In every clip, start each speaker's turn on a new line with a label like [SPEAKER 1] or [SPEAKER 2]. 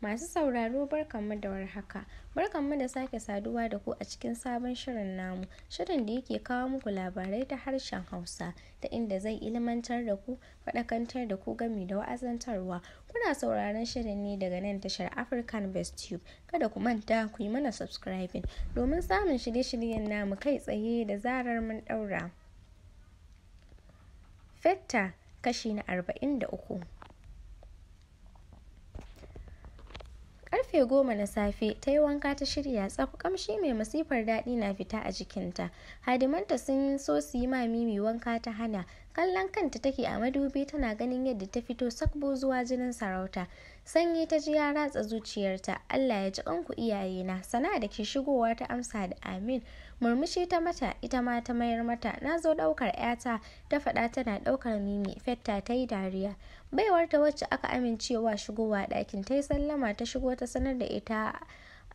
[SPEAKER 1] Masu sauraro barkanmu da warhaka. Barkanmu da sake saduwa da ku a cikin sabon shirin namu, shirin da yake kawo muku labarai ta harshen Hausa, ta inda zai ilimantar da ku, faɗakantar da ku gami da wa'azantarwa. Kuna sauraron shirin ne daga nan tashar African Best Tube. Kada ku manta ku yi mana subscribing domin samun shirye-shiryen namu kai tsaye da zarar mun ɗaura. Fetta kashi na arba'in da uku. Karfe goma na safe ta yi wanka ta shirya tsaf kamshi mai masifar daɗi na fita a jikinta. Hadimanta sun so su yi ma Mimi wanka ta hana. Kallon kanta take a madubi tana ganin yadda ta fito sakbo zuwa jinin sarauta. Sanyi ta ji ya ratsa zuciyarta, Allah ya ji ƙanku iyayena, sana da ke shigowa ta amsa da amin. Murmushi ta mata, ita ma ta mayar mata, na zo ɗaukar ‘yata, ta faɗa tana ɗaukar mimi, fetta ta yi dariya. Baiwar ta wacce aka amincewa shigowa ɗakin, ta yi sallama ta shigo ta sanar da ita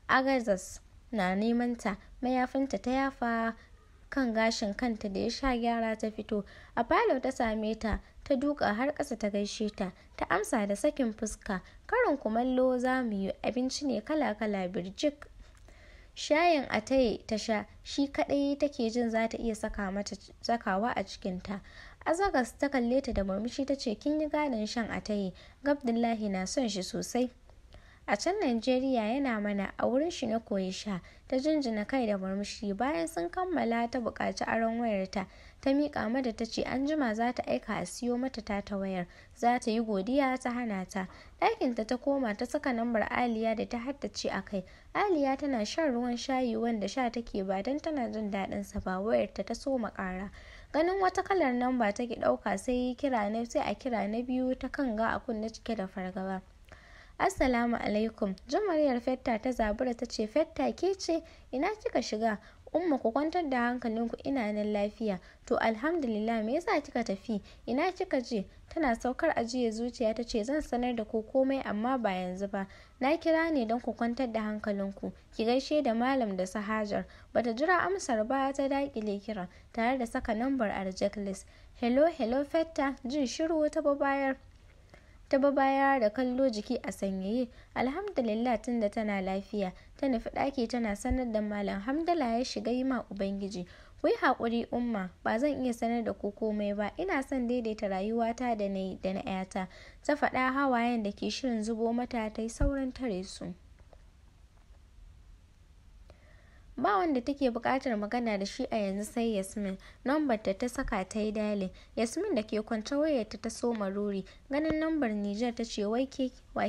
[SPEAKER 1] Agazas na neman ta, mayafinta ta yafa kan gashin kanta da ya sha gyara ta fito a falo ta same ta ta duka har ƙasa ta gaishe ta ta amsa da sakin fuska karin kumallo za mu yi abinci ne kala-kala birjik shayin a ta sha shi kaɗai take jin za ta iya sakawa a cikinta azagas ta kalle ta da murmushi ta ce kin yi ganin shan a gabdullahi na son shi sosai a can Najeriya yana mana a wurin shi na koyi sha ta jinjina kai da murmushi bayan sun kammala ta buƙaci aron wayarta ta miƙa mata ta ce anjima jima za ta aika a siyo mata ta ta wayar za ta yi godiya ta hana ta ɗakinta ta koma ta saka lambar aliya da ta haddace a kai aliya tana shan ruwan shayi wanda sha take ba don tana jin daɗin sa ba wayarta ta so makara ganin wata kalar namba ki ɗauka sai kira na sai a kira na biyu ta kan ga a kunne cike da fargaba Assalamu alaikum. Jumariyar Fetta ta zabura ta ce Fetta ke ce ina kika shiga umma ku kwantar da hankalinku ina nan lafiya to alhamdulillah me yasa kika tafi ina kika je tana saukar ajiye zuciya ta ce zan sanar da ku komai amma ba yanzu ba na kira ne don ku kwantar da hankalinku ki gaishe da malam da sahajar bata jira amsar ba ta dakile kiran tare da saka lambar a reject list hello hello fetta jin shiru ta babayar. ta ba baya da kallo jiki a sanyaye alhamdulillah tunda tana lafiya ta nufi ɗaki tana sanar da malam hamdala ya shiga yi ma ubangiji wai haƙuri umma ba zan iya sanar da ku komai ba ina son daidaita rayuwata da na da na 'yata ta faɗa hawayen da ke shirin zubo mata ta yi sauran tare su ba wanda take buƙatar magana da shi a yanzu sai yasmin nambar ta ta saka ta yi dalin yasmin da ke kwance wayarta ta so maruri ganin nambar nijar ta ce wa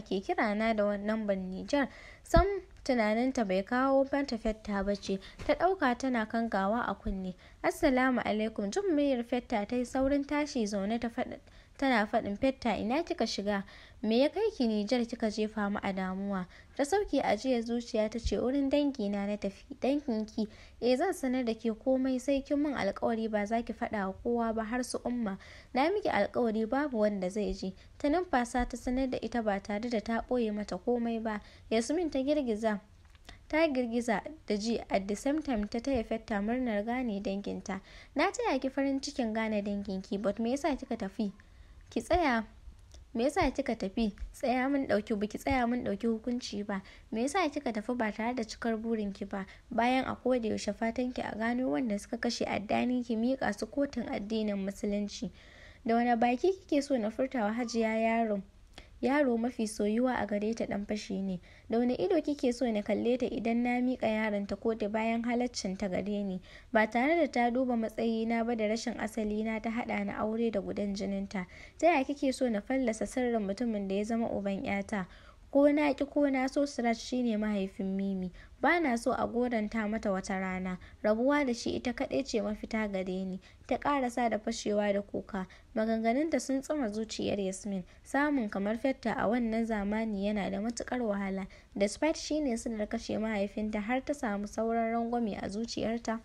[SPEAKER 1] ke kira na da nambar nijar sam tunaninta bai kawo banta fetta ba ce ta ɗauka tana kan gawa a kunne assalamu alaikum jin miyar fetta ta yi saurin tashi zaune ta faɗa tana faɗin fetta ina kika shiga me ya kai ki Nijar kika jefa mu a damuwa ta sauke a jiya zuciya ta ce wurin dangi na na tafi dangin ki eh zan sanar da ke komai sai kin min alƙawari ba za ki faɗa wa kowa ba har su umma na miki alƙawari babu wanda zai ji ta numfasa ta sanar da ita ba tare da ta ɓoye mata komai ba yasmin ta girgiza ta girgiza da ji at the same time ta taya fetta murnar gane danginta na taya ki farin cikin gane danginki but me yasa kika tafi ki tsaya me yasa kika tafi tsaya mun dauki biki tsaya mun dauki hukunci ba me yasa kika tafi ba tare da cikar burin ki ba bayan a koda yaushe fatan ki a gano wanda suka kashe addani ki mika su kotun addinin musulunci da wani baki kike so na furtawa hajiya yaron yaro mafi soyuwa a gare ta ɗan fashi ne da wani ido kike so na kalle ta idan na mika yaron ta kotu bayan halaccin ta gare ni ba tare da ta duba matsayi na ba da rashin asali na ta haɗa na aure da gudan jininta ta ya kike so na fallasa sirrin mutumin da ya zama uban 'yata ko na ƙi ko na so Sirat shine mahaifin Mimi ba na so a goranta mata wata rana rabuwa da shi ita kaɗai ce mafita gare ni ta ƙarasa da fashewa da kuka maganganunta sun tsuma zuciyar Yasmin samun kamar fetta a wannan zamani yana da matuƙar wahala despite shine silar kashe mahaifinta har ta samu sauran rangwame a zuciyarta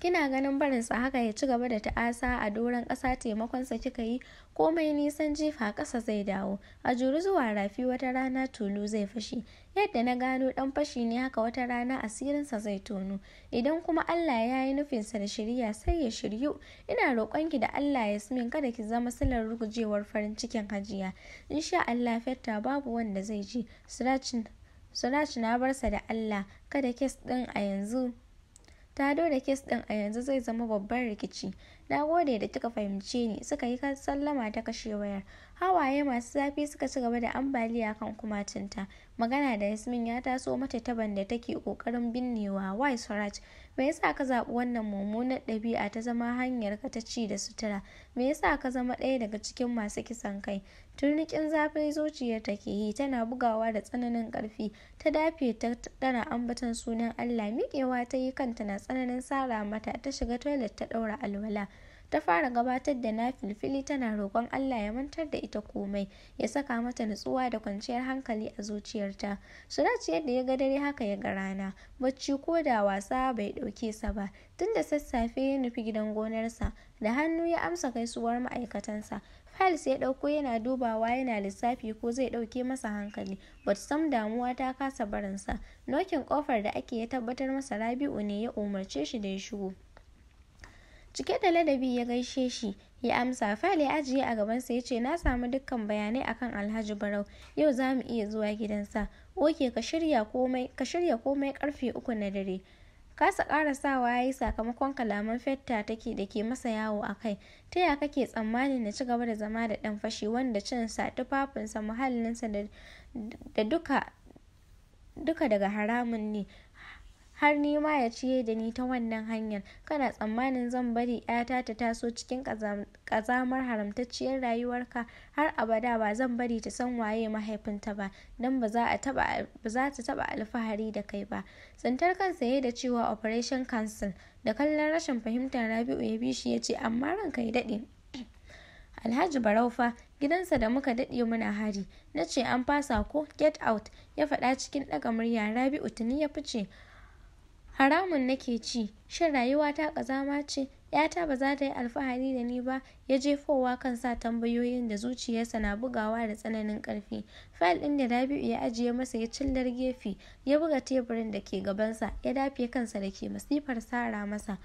[SPEAKER 1] kina ganin barinsa haka ya ci gaba da ta'asa a doron ƙasa taimakon sa kika yi komai nisan jifa ƙasa zai dawo a juri zuwa rafi wata rana tulu zai fashi yadda na gano ɗan fashi ne haka wata rana asirin sa zai tono idan kuma allah ya yi nufinsa da shirya sai ya shiryu ina roƙonki da allah ya sumin kada ki zama silar rugujewar farin cikin hajiya insha allah fetta babu wanda zai ji suraci na barsa da allah kada kes din a yanzu ta da kes din a yanzu zai zama babban rikici na gode da kika fahimce ni suka yi sallama ta kashe wayar hawaye masu zafi suka ci gaba da ambaliya kan kumacinta magana da yasmin ya taso mata taban da take kokarin binnewa wai suraj me yasa ka zaɓi wannan mummunar ɗabi'a ta zama hanyar ka ta ci da sutura me yasa ka zama ɗaya daga cikin masu kisan kai turnikin zafin zuciyar ta ke yi tana bugawa da tsananin ƙarfi ta dafe ta tana ambaton sunan allah miƙewa ta yi kanta na tsananin sara mata ta shiga toilet ta ɗaura alwala ta fara gabatar da na filfili tana roƙon Allah ya mantar da ita komai ya saka mata nutsuwa da kwanciyar hankali a zuciyarta Suraj yadda ya ga dare haka ya ga rana bacci ko da wasa bai ɗauke sa ba tun da sassafe ya nufi gidan gonarsa da hannu ya amsa gaisuwar ma'aikatansa Files ya ɗauko yana dubawa yana lissafi ko zai ɗauke masa hankali, but sam damuwa ta kasa barinsa. Nokin ƙofar da ake ya tabbatar masa Rabi'u ne ya umarce shi da ya shigo. cike da ladabi ya gaishe shi ya amsa fale ajiye a gabansa ya ce na samu dukkan bayanai akan alhaji barau yau za mu iya zuwa gidansa oke ka shirya komai ka shirya komai karfe uku na dare kasa karasawa ya yi sakamakon kalaman fetta take da masa yawo a kai ta ya kake tsammanin na ci gaba da zama da dan fashi wanda cin sa tufafinsa muhallinsa da duka duka daga haramun ne har ni ma ya ciye da ni ta wannan hanyar kana tsammanin zan bari 'yata ta taso cikin ƙazamar haramtacciyar rayuwarka har abada ba zan bari ta san waye mahaifinta ba don ba za ta taɓa alfahari da kai ba tsintar kansa ya da cewa operation cancel da kallon rashin fahimtar rabi'u ya bi shi ya ce amma ranka ya daɗe Alhaji Baraufa gidansa da muka daɗe muna hari na ce an fasa ko get out ya faɗa cikin ɗaga murya Rabi'u tuni ya fice haramun nake ci shin rayuwa ta ƙazama ce yata ba za ta yi alfahari da ni ba ya jefowa kan sa tambayoyin da zuciyarsa na bugawa da tsananin ƙarfi fayil ɗin da rabi'u ya ajiye masa ya cillar gefe ya buga teburin da ke gabansa ya dafe kansa da ke masifar sara masa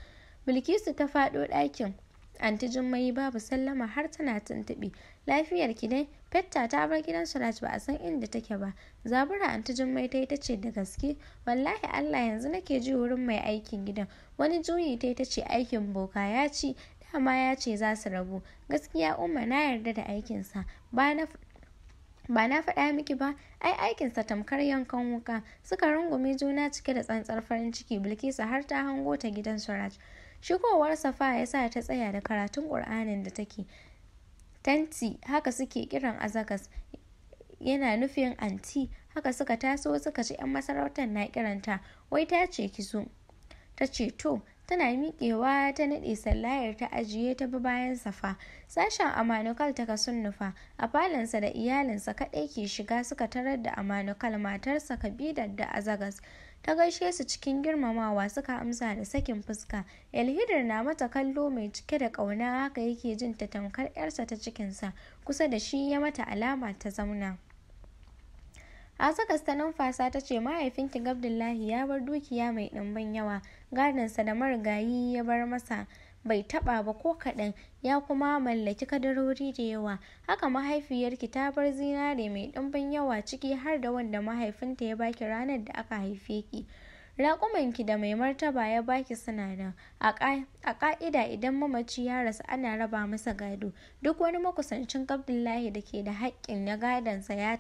[SPEAKER 1] bilkisu ta faɗo ɗakin anti jummai babu sallama har tana tuntuɓe lafiyar ki dai fetta ta bar gidan suraj ba a san inda take ba zabura anti jummai ta yi ce da gaske wallahi allah yanzu nake ji wurin mai aikin gidan wani juyi ta yi ce aikin boka ya ci dama ya ce za su rabu gaskiya umma na yarda da aikinsa ba na ba na faɗa miki ba ai aikinsa tamkar yankan wuka suka rungume juna cike da tsantsar farin ciki bilkisu har ta hango ta gidan suraj shigowar safa ya sa ta tsaya da karatun ƙur'anin da take tanti haka suke kiran azakas yana nufin anti haka suka taso suka ci 'yan masarautar na kiranta wai ta ce ki ta ce to tana miƙewa ta naɗe sallayar ta ajiye ta bi bayan safa sashen amanukal ta ka nufa a falonsa da iyalinsa kaɗai ke shiga suka tarar da amanukal matarsa kabidar da azagas ta gaishe su cikin girmamawa suka amsa da sakin fuska elhidir na mata kallo mai cike da ƙauna haka yake jin ta tamkar 'yarsa ta cikinsa kusa da shi ya mata alama ta zauna Azakas ta numfasa ta ce mahaifinki Abdullahi ya bar dukiya mai ɗimbin yawa, gadonsa da marigayi ya bar masa bai taɓa ba ko kaɗan ya kuma mallaki kadarori da yawa haka mahaifiyarki ta bar zinare mai ɗimbin yawa ciki har da wanda mahaifinta ya baki ranar da aka haife ki raƙumanki da mai martaba ya baki suna nan a ƙa'ida idan mamaci ya rasu ana raba masa gado duk wani makusancin abdullahi da ke da haƙƙin na gadonsa ya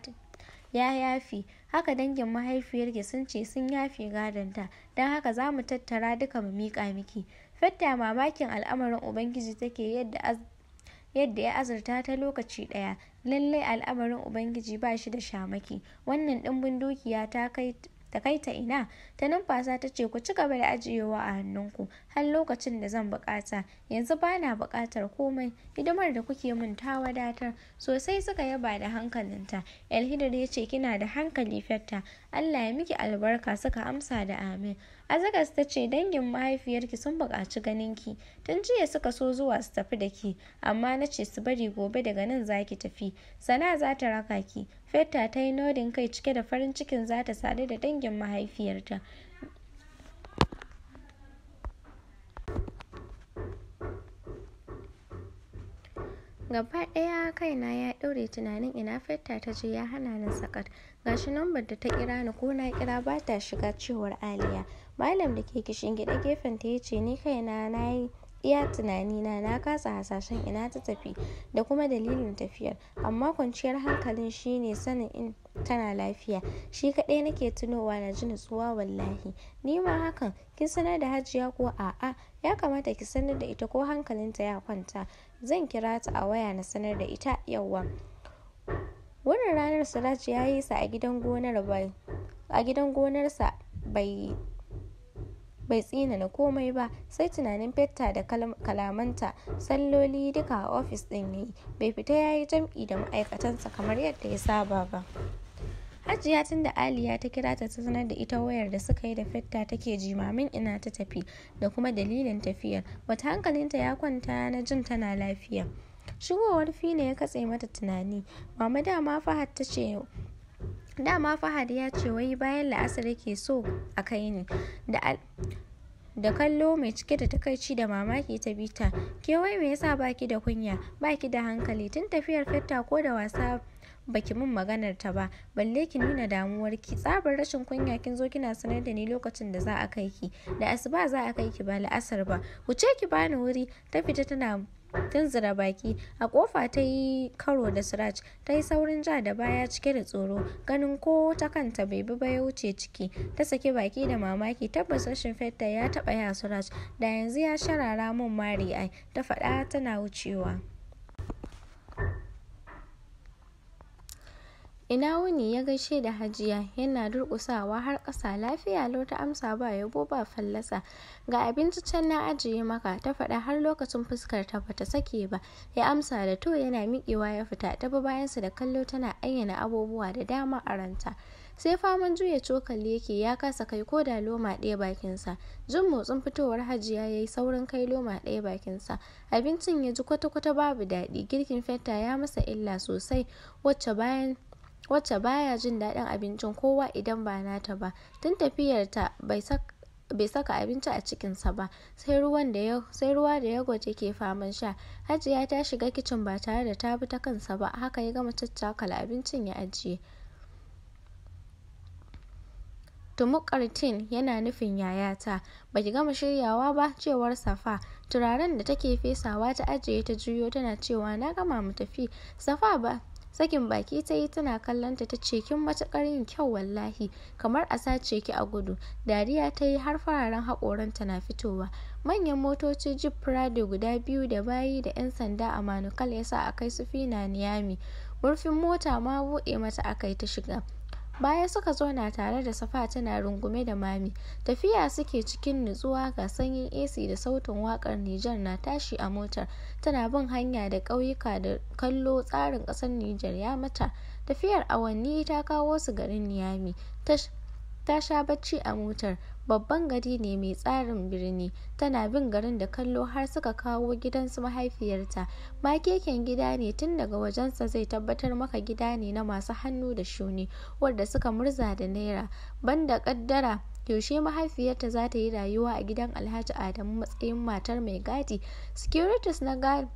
[SPEAKER 1] ya yafi haka dangin mahaifiyarki sun ce sun yafe gadonta don haka za mu tattara duka mu miƙa miki fatta mamakin al'amarin ubangiji take yadda yadda ya azurta ta lokaci ɗaya lallai al'amarin ubangiji ba shi da shamaki wannan ɗimbin dukiya ta kai ta kai ina ta numfasa ta ce ku ci gaba da ajiyewa a hannunku har lokacin da zan bukata yanzu ba na bukatar komai hidimar da kuke min ta wadatar sosai suka yaba da hankalinta elhidar ya ce kina da hankali fetta allah ya miki albarka suka amsa da amin azagas ta ce dangin mahaifiyarki sun buƙaci ganinki tun jiya suka so zuwa su tafi da ki amma na ce su bari gobe daga nan za ki tafi sana za ta raka ki Feta ta yi nodin kai cike da farin cikin za ta sadu da dangin mahaifiyarta. Gaba ɗaya kaina ya ɗaure tunanin ina Feta ta je ya hana ni sakat. Gashi lambar da ta kira ni ko na kira ba ta shiga cewar Aliya. Malam da ke kishin gida gefen ta ya ce ni kaina na yi iya tunanina na kasa hasashen ina ta tafi da kuma dalilin tafiyar amma kwanciyar hankalin shine sanin in tana lafiya shi kaɗai nake tunowa na ji nutsuwa wallahi ni ma hakan kin sanar da hajiya ko a'a ya kamata ki sanar da ita ko hankalinta ya kwanta zan kira ta a waya na sanar da ita yauwa wannan ranar siraji ya yi sa a gidan gonarsa bai bai tsina na komai ba sai tunanin fetta da kalamanta salloli duka a ofis ɗin yi bai fita ya yi jam'i da ma'aikatansa kamar yadda ya saba ba Hajiya tun da Aliya ta kira ta sanar da ita wayar da suka yi da Fetta take jimamin ina ta tafi da kuma dalilin tafiyar. wata hankalinta ya kwanta na jin tana lafiya. Shigowar fina ya katse mata tunani. Mama dama Fahad ta ce dama fahad ya ce wai bayan la'asar yake so a kai ni da kallo mai cike da takaici da mamaki ta bita ke wai me yasa baki da kunya baki da hankali tun tafiyar fetta ko da wasa baki min maganar ta ba balle ki nuna damuwar ki tsabar rashin kunya kin zo kina sanar da ni lokacin da za a kai ki da asuba za a kai ki ba la'asar ba wuce ki bani wuri ta fita tana tunzura baki a kofa ta yi karo da siraj ta yi saurin ja da baya cike da tsoro ganin ko ta kanta bai bi ba ya wuce ciki ta saki baki da mamaki tabbas rashin fetta ya taba ya siraj da yanzu ya sharara mun mari ai ta faɗa tana wucewa ina wuni ya gaishe da hajiya yana durƙusawa har ƙasa lafiya lau ta amsa ba yabo ba fallasa ga abinci can na ajiye maka ta faɗa har lokacin fuskar ta bata sake ba ya amsa da to yana miƙewa ya fita ta bi sa da kallo tana ayyana abubuwa da dama a ranta sai faman juya cokali yake ya kasa kai ko da loma ɗaya bakinsa jin motsin fitowar hajiya yayi saurin kai loma ɗaya bakinsa abincin ya ji kwata-kwata babu daɗi girkin fetta ya masa illa sosai wacce bayan wacce baya jin daɗin abincin kowa idan ba nata ba tun tafiyarta bai saka bai saka abinci a cikinsa ba sai ruwan da ya sai ruwa da gwaje ke faman sha hajiya ta shiga kicin ba tare da ta bi ta kansa ba haka ya gama caccakal abincin ya ajiye tumukar tin yana nufin yayata baki gama shiryawa ba cewar safa turaren da take fesawa ta ajiye ta juyo tana cewa na gama mu tafi safa ba sakin baki ta yi tana kallonta ta ce kin matukar yin kyau wallahi kamar a sace ki a gudu dariya ta yi har fararen haƙoranta na fitowa manyan motoci jeep prado guda biyu da bayi da 'yan sanda a manukal ya sa a kai su fina niyami murfin mota ma buɗe mata akai ta shiga Baya suka zauna tare da Safa tana rungume da Mami. Tafiya suke cikin nutsuwa ga sanyin AC da sautin wakar Nijar na tashi a motar. Tana bin hanya da ƙauyuka da kallo tsarin ƙasar Nijar ya mata. Tafiyar awanni ta kawo su garin Niyami. ta sha bacci a motar babban gari ne mai tsarin birni tana bin garin da kallo har suka kawo gidan su mahaifiyarta makeken gida ne tun daga wajensa zai tabbatar maka gida ne na masu hannu da shuni wadda suka murza da naira banda kaddara yaushe mahaifiyarta za ta yi rayuwa a gidan alhaji adamu matsayin matar mai gadi securities na gadi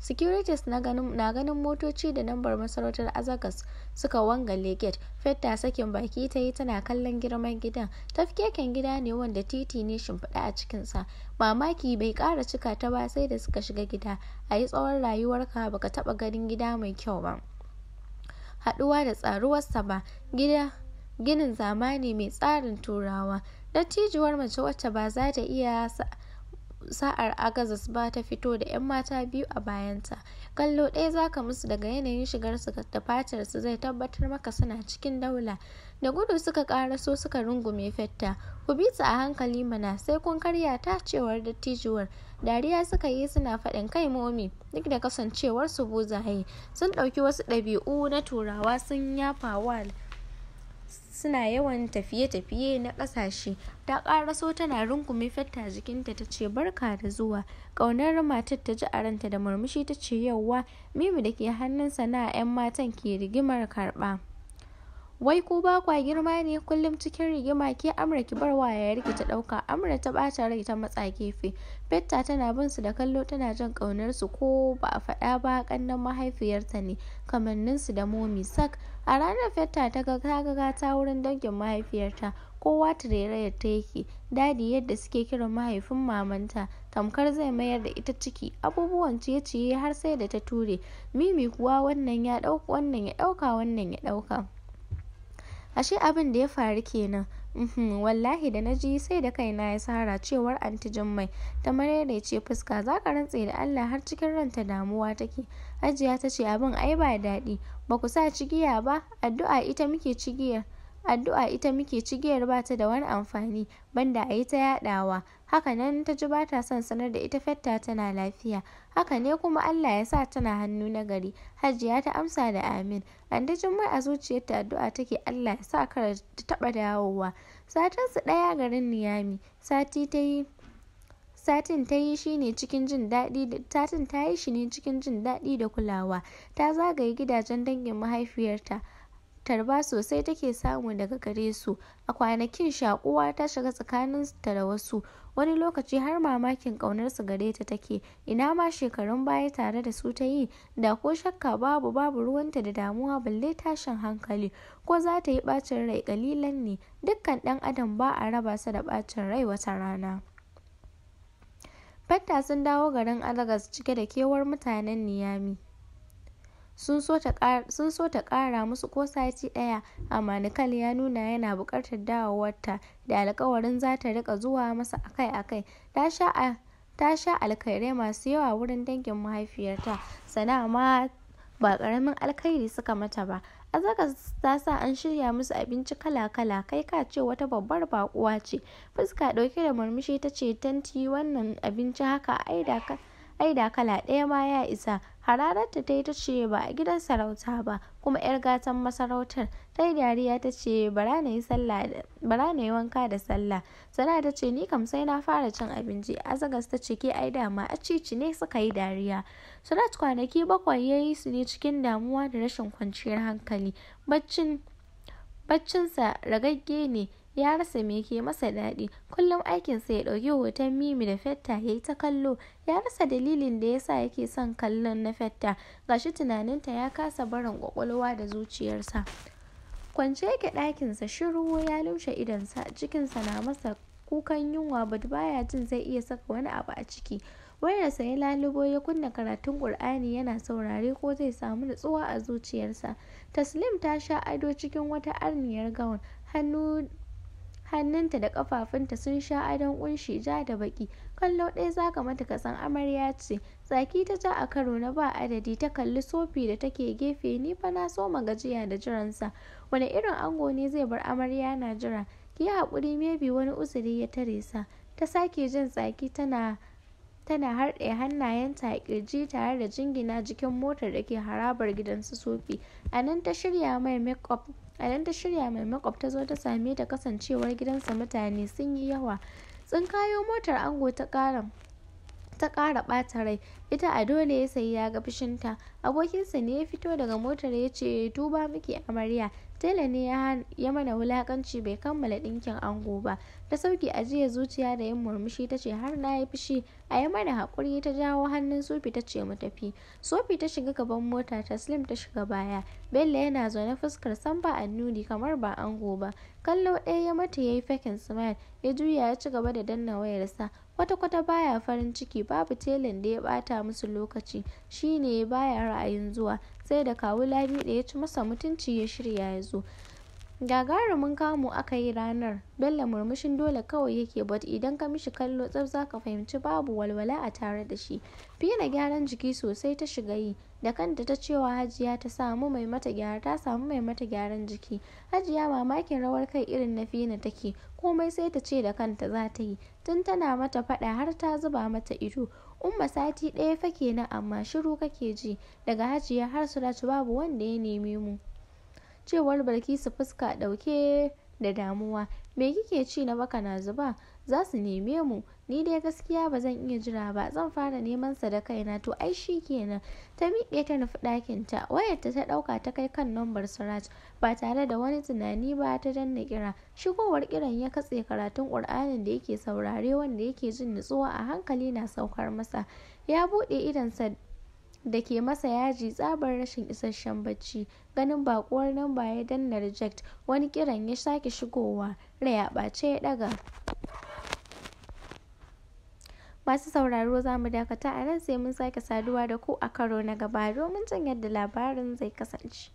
[SPEAKER 1] securities na ganin motoci da lambar masarautar azakas suka wanga legit fetta sakin baki ta yi tana kallon girman gidan tafkeken gida ne wanda titi ne shimfiɗa a cikinsa mamaki bai ƙara cika ta ba sai da suka shiga gida a yi tsawon rayuwarka baka taɓa ganin gida mai kyau ba haɗuwa da tsaruwarsa ba gida ginin zamani mai tsarin turawa dattijuwar mace wacce ba za ta iya sa'ar agazas ba ta fito da 'yan mata biyu a bayanta kallo ɗaya zaka musu daga yanayin shigarsu da fatarsu zai tabbatar maka suna cikin daula da gudu suka karaso suka rungume fetta ku bi a hankali mana sai kun karya ta cewar dattijuwar dariya suka yi suna faɗin kai momi duk da kasancewar su buzaye sun ɗauki wasu ɗabi'u na turawa sun yafa wa suna yawan tafiye-tafiye na ƙasashe ta ƙaraso tana rungume fetta jikinta ta ce barka da zuwa ƙaunar matar ta ji a ranta da murmushi ta ce yauwa mimi da ke hannun sana'a 'yan matan ke rigimar karɓa wai ku ba kwa girma ne kullum cikin rigima ke amra ki bar wa ya ta dauka amra ta bata rai ta matsa gefe fetta tana bin su da kallo tana jin kaunar su ko ba a faɗa ba kannan mahaifiyarta ne kamannin su da momi sak a ranar fetta ta ga ta ta wurin dangin mahaifiyarta kowa turerayar ta yake dadi yadda suke kiran mahaifin mamanta tamkar zai mayar da ita ciki abubuwan ciye-ciye har sai da ta ture mimi kuwa wannan ya dauka wannan ya dauka wannan ya dauka ashe abin da ya faru kenan uhm, wallahi da na ji sai da kaina ya sara cewar anti jummai ta ce fuska za ka rantse da allah har cikin ranta damuwa take hajiya ta ce abin ai ba daɗi ba ku sa cigiya ba addu'a ita muke cigiyar addu'a ita muke cigiyar ba ta da wani amfani banda a yi ta yaɗawa haka nan ta ji ba ta son sanar da ita fetta tana lafiya haka ne kuma Allah ya sa tana hannu na gari hajiya ta amsa da amin anda jummai a zuciyarta addu'a take Allah ya sa kar ta taɓa dawowa su ɗaya garin niyami sati ta yi satin ta yi shi ne cikin jin daɗi satin ta yi shi ne cikin jin daɗi da kulawa ta zagaye gidajen dangin mahaifiyarta tarba sosai take samu daga gare su a kwanakin shakuwa ta shiga tsakanin tsakaninta da wasu wani lokaci har mamakin kaunar su gare ta take ina ma shekarun baya tare da su ta yi da ko shakka babu babu ruwanta da damuwa balle tashin hankali ko za ta yi bacin rai kalilan ne dukkan dan adam ba a raba sa da bacin rai wata rana fatta sun dawo garin Alagas cike da kewar mutanen Niyami. sun so ta kara musu ko sati ɗaya amma Nicole ya nuna yana buƙatar dawowarta da alƙawarin za ta riƙa zuwa masa akai-akai ta sha alkhairai masu yawa wurin dangin mahaifiyarta sana'a ma ba ƙaramin alkhairi suka mata ba azaka ta sa an shirya musu abinci kala-kala kai ka ce wata babbar bakuwa ce fuska ɗauke da murmushi ta ce tanti wannan abinci haka aida ka ai da kala ɗaya ma ya isa hararta ta yi ta ce ba a gidan sarauta ba kuma 'yar gatan masarautar ta yi dariya ta ce bara na yi wanka da sallah sana ta ce ni kam sai na fara cin abinci azagas ta ce ke ai dama a cici ne suka yi dariya surat kwanaki bakwai ya yi su ne cikin damuwa da rashin kwanciyar hankali baccin baccinsa ragagge ne ya rasa me ke masa daɗi kullum aikinsa ya ɗauki hoton mimi da fetta ya yi ta kallo ya rasa dalilin da ya sa yake son kallon na fetta gashi tunaninta ya kasa barin kwakwalwa da zuciyarsa kwance yake ɗakinsa shiru ya lumshe idonsa cikinsa na masa kukan yunwa but baya jin zai iya saka wani abu a ciki wayarsa ya lalubo ya kunna karatun ƙur'ani yana saurare ko zai samu nutsuwa a zuciyarsa. Taslim ta sha ado cikin wata arniyar gawon, hannu hannunta da kafafunta sun sha adon kunshi ja da baki kallo ɗaya zaka mata ka san amarya ce tsaki ta ja a karo na ba adadi ta kalli sofi da take gefe ni fa na so gajiya da jiransa wani irin ango ne zai bar amarya na jira ki yi haƙuri maybe wani uzuri ya tare sa ta sake jin tsaki tana tana harɗe hannayenta a kirji tare da jingina jikin motar da ke harabar gidansu sofi a nan ta shirya mai makeup a nan ta shirya mai makeup ta zo ta same ta kasancewar gidansa mutane sun yi yawa kayo motar ango ta ƙara ta ƙara ɓata rai ita a dole ya sayi ya ga fushinta abokinsa ne ya fito daga motar ya ce tuba muke amarya tela ne ya mana wulakanci bai kammala ɗinkin ango ba ta sauki ajiya zuciya da yin murmushi ta ce har na yi fushi a ya mana haƙuri ta jawo hannun sofi ta ce mu tafi sofi ta shiga gaban mota ta slim ta shiga baya bello yana zaune fuskar san ba annuni kamar ba ango ba kallo ɗaya ya mata ya yi fakin smile ya juya ya ci gaba da danna wayarsa kwata-kwata baya farin ciki babu telan da ya bata musu lokaci shine baya ra'ayin zuwa sai da kawu labiɗe ya ci masa mutunci ya shirya ya zo. Gagarumin kamu aka yi ranar, Bello murmushin dole kawai yake but idan ka mishi kallo tsaf za ka fahimci babu walwala a tare da shi. Fina gyaran jiki sosai ta shiga yi, da kanta ta cewa Hajiya ta samu mai mata gyara ta samu mai mata gyaran jiki. Hajiya mamakin rawar kai irin na Fina take, komai sai ta ce da kanta za ta yi, tun tana mata faɗa har ta zuba mata ido. umma sati ɗaya fa kenan amma shiru kake ji daga hajiya har suratu babu wanda ya neme mu cewar su fuska ɗauke da damuwa me kike ci na baka na zuba za su neme mu ni dai gaskiya ba zan iya jira ba zan fara neman sa da kaina to ai shi kenan ta miƙe ta nufi ɗakin ta wayarta ta ɗauka ta kai kan nambar siraj ba tare da wani tunani ba ta danna kira shigowar kiran ya katse karatun ƙur'anin da yake saurare wanda yake jin nutsuwa a hankali na saukar masa ya buɗe idonsa da ke masa yaji tsabar rashin isasshen bacci ganin bakuwar nan ya danna reject wani kiran ya sake shigowa rai a ɓace ya ɗaga Masu sauraro za mu dakata a nan sai mun sake saduwa da ku a karo na gaba domin jin yadda labarin zai kasance.